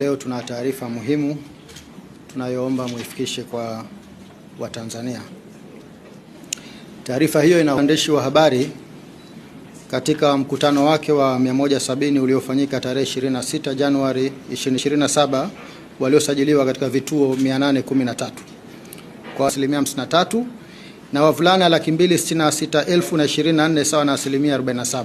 Leo tuna taarifa muhimu tunayoomba muifikishe kwa Watanzania. Taarifa hiyo ina waandishi wa habari katika mkutano wake wa 170 uliofanyika tarehe 26 Januari 2027 waliosajiliwa katika vituo 813 kwa asilimia 53 na wavulana laki mbili sawa na asilimia 47.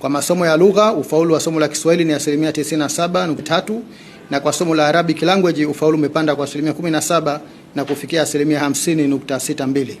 Kwa masomo ya lugha, ufaulu wa somo la Kiswahili ni asilimia 97.3 na kwa somo la Arabic language ufaulu umepanda kwa asilimia 17 na kufikia asilimia 50.62.